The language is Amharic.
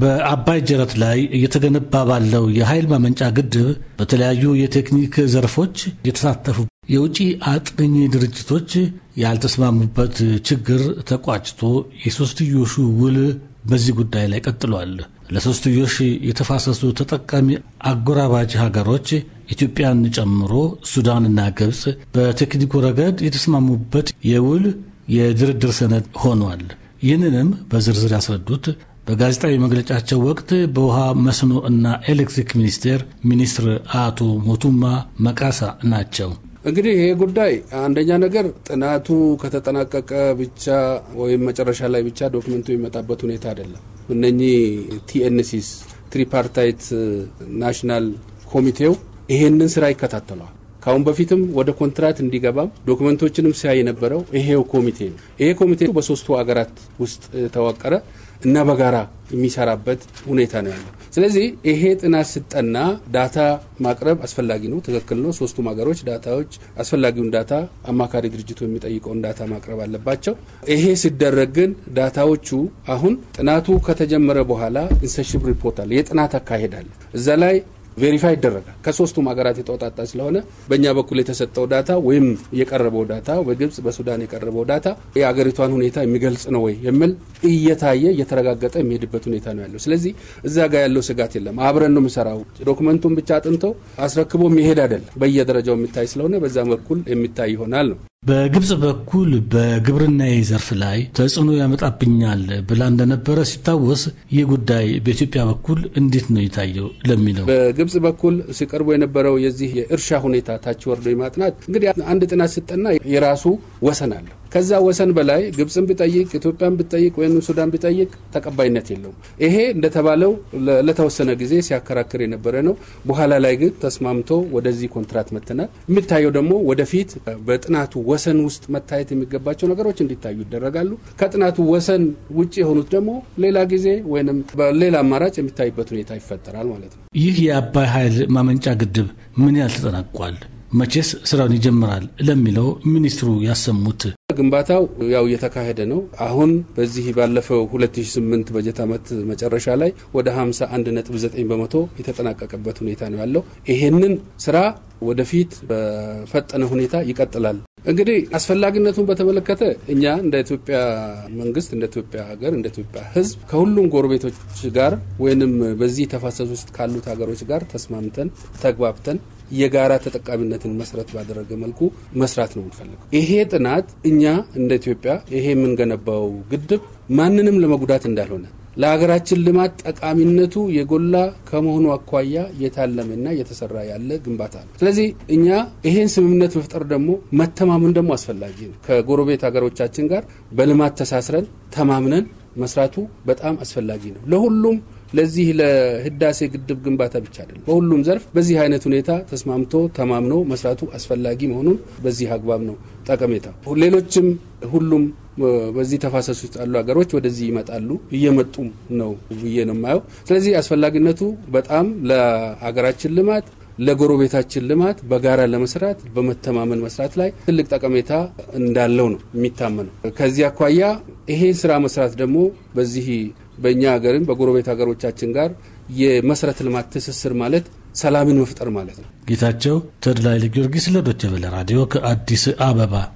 በአባይ ጀረት ላይ እየተገነባ ባለው የኃይል ማመንጫ ግድብ በተለያዩ የቴክኒክ ዘርፎች የተሳተፉ የውጭ አጥኝ ድርጅቶች ያልተስማሙበት ችግር ተቋጭቶ የሶስትዮሹ ውል በዚህ ጉዳይ ላይ ቀጥሏል። ለሶስትዮሽ የተፋሰሱ ተጠቃሚ አጎራባች ሀገሮች ኢትዮጵያን ጨምሮ ሱዳንና ግብፅ በቴክኒኩ ረገድ የተስማሙበት የውል የድርድር ሰነድ ሆኗል። ይህንንም በዝርዝር ያስረዱት በጋዜጣዊ መግለጫቸው ወቅት በውሃ መስኖ እና ኤሌክትሪክ ሚኒስቴር ሚኒስትር አቶ ሞቱማ መቃሳ ናቸው። እንግዲህ ይሄ ጉዳይ አንደኛ ነገር ጥናቱ ከተጠናቀቀ ብቻ ወይም መጨረሻ ላይ ብቻ ዶክመንቱ የሚመጣበት ሁኔታ አይደለም። እነኚህ ቲኤንሲስ ትሪፓርታይት ናሽናል ኮሚቴው ይሄንን ስራ ይከታተለዋል። ከአሁን በፊትም ወደ ኮንትራት እንዲገባም ዶክመንቶችንም ሲያይ የነበረው ይሄው ኮሚቴ ነው። ይሄ ኮሚቴ በሶስቱ አገራት ውስጥ ተዋቀረ። እና በጋራ የሚሰራበት ሁኔታ ነው ያለው። ስለዚህ ይሄ ጥናት ስጠና ዳታ ማቅረብ አስፈላጊ ነው፣ ትክክል ነው። ሶስቱም ሀገሮች ዳታዎች አስፈላጊውን ዳታ አማካሪ ድርጅቱ የሚጠይቀውን ዳታ ማቅረብ አለባቸው። ይሄ ሲደረግ ግን ዳታዎቹ አሁን ጥናቱ ከተጀመረ በኋላ ኢንሰርሽፕ ሪፖርት አለ፣ የጥናት አካሄድ አለ። እዛ ላይ ቬሪፋይ ይደረጋል። ከሶስቱም ሀገራት የተወጣጣ ስለሆነ በእኛ በኩል የተሰጠው ዳታ ወይም የቀረበው ዳታ በግብጽ በሱዳን የቀረበው ዳታ የአገሪቷን ሁኔታ የሚገልጽ ነው ወይ የሚል እየታየ እየተረጋገጠ የሚሄድበት ሁኔታ ነው ያለው። ስለዚህ እዛ ጋር ያለው ስጋት የለም። አብረን ነው የምሰራው። ዶክመንቱን ብቻ አጥንቶ አስረክቦ የሚሄድ አይደለም። በየደረጃው የሚታይ ስለሆነ በዛ በኩል የሚታይ ይሆናል ነው በግብፅ በኩል በግብርና ዘርፍ ላይ ተጽዕኖ ያመጣብኛል ብላ እንደነበረ ሲታወስ ይህ ጉዳይ በኢትዮጵያ በኩል እንዴት ነው የታየው ለሚለው በግብፅ በኩል ሲቀርቡ የነበረው የዚህ የእርሻ ሁኔታ ታች ወርዶ ማጥናት እንግዲህ አንድ ጥናት ሲጠና የራሱ ወሰን አለው። ከዛ ወሰን በላይ ግብፅን ቢጠይቅ ኢትዮጵያን ቢጠይቅ ወይም ሱዳን ቢጠይቅ ተቀባይነት የለውም። ይሄ እንደተባለው ለተወሰነ ጊዜ ሲያከራክር የነበረ ነው። በኋላ ላይ ግን ተስማምቶ ወደዚህ ኮንትራት መተናል። የሚታየው ደግሞ ወደፊት በጥናቱ ወሰን ውስጥ መታየት የሚገባቸው ነገሮች እንዲታዩ ይደረጋሉ። ከጥናቱ ወሰን ውጭ የሆኑት ደግሞ ሌላ ጊዜ ወይም ሌላ አማራጭ የሚታይበት ሁኔታ ይፈጠራል ማለት ነው። ይህ የአባይ ኃይል ማመንጫ ግድብ ምን ያህል ተጠናቋል? መቼስ ስራውን ይጀምራል ለሚለው ሚኒስትሩ ያሰሙት ግንባታው ያው እየተካሄደ ነው። አሁን በዚህ ባለፈው 2008 በጀት ዓመት መጨረሻ ላይ ወደ 51.9 በመቶ የተጠናቀቀበት ሁኔታ ነው ያለው። ይሄንን ስራ ወደፊት በፈጠነ ሁኔታ ይቀጥላል። እንግዲህ አስፈላጊነቱን በተመለከተ እኛ እንደ ኢትዮጵያ መንግስት፣ እንደ ኢትዮጵያ ሀገር፣ እንደ ኢትዮጵያ ሕዝብ ከሁሉም ጎረቤቶች ጋር ወይንም በዚህ ተፋሰስ ውስጥ ካሉት ሀገሮች ጋር ተስማምተን ተግባብተን የጋራ ተጠቃሚነትን መሰረት ባደረገ መልኩ መስራት ነው የምንፈልገው። ይሄ ጥናት እኛ እንደ ኢትዮጵያ ይሄ የምንገነባው ግድብ ማንንም ለመጉዳት እንዳልሆነ ለሀገራችን ልማት ጠቃሚነቱ የጎላ ከመሆኑ አኳያ የታለመና የተሰራ ያለ ግንባታ ነው። ስለዚህ እኛ ይሄን ስምምነት መፍጠር ደግሞ መተማመን ደግሞ አስፈላጊ ነው። ከጎረቤት ሀገሮቻችን ጋር በልማት ተሳስረን ተማምነን መስራቱ በጣም አስፈላጊ ነው ለሁሉም ለዚህ ለህዳሴ ግድብ ግንባታ ብቻ አይደለም፣ በሁሉም ዘርፍ በዚህ አይነት ሁኔታ ተስማምቶ ተማምኖ መስራቱ አስፈላጊ መሆኑን በዚህ አግባብ ነው ጠቀሜታ። ሌሎችም ሁሉም በዚህ ተፋሰሱ ውስጥ ያሉ ሀገሮች ወደዚህ ይመጣሉ እየመጡም ነው ብዬ ነው የማየው። ስለዚህ አስፈላጊነቱ በጣም ለሀገራችን ልማት ለጎረቤታችን ልማት በጋራ ለመስራት በመተማመን መስራት ላይ ትልቅ ጠቀሜታ እንዳለው ነው የሚታመነው። ከዚህ አኳያ ይሄ ስራ መስራት ደግሞ በዚህ በእኛ ሀገርም በጎረቤት ሀገሮቻችን ጋር የመሰረተ ልማት ትስስር ማለት ሰላምን መፍጠር ማለት ነው። ጌታቸው ተድላ ኃይለ ጊዮርጊስ ለዶቸበለ ራዲዮ ከአዲስ አበባ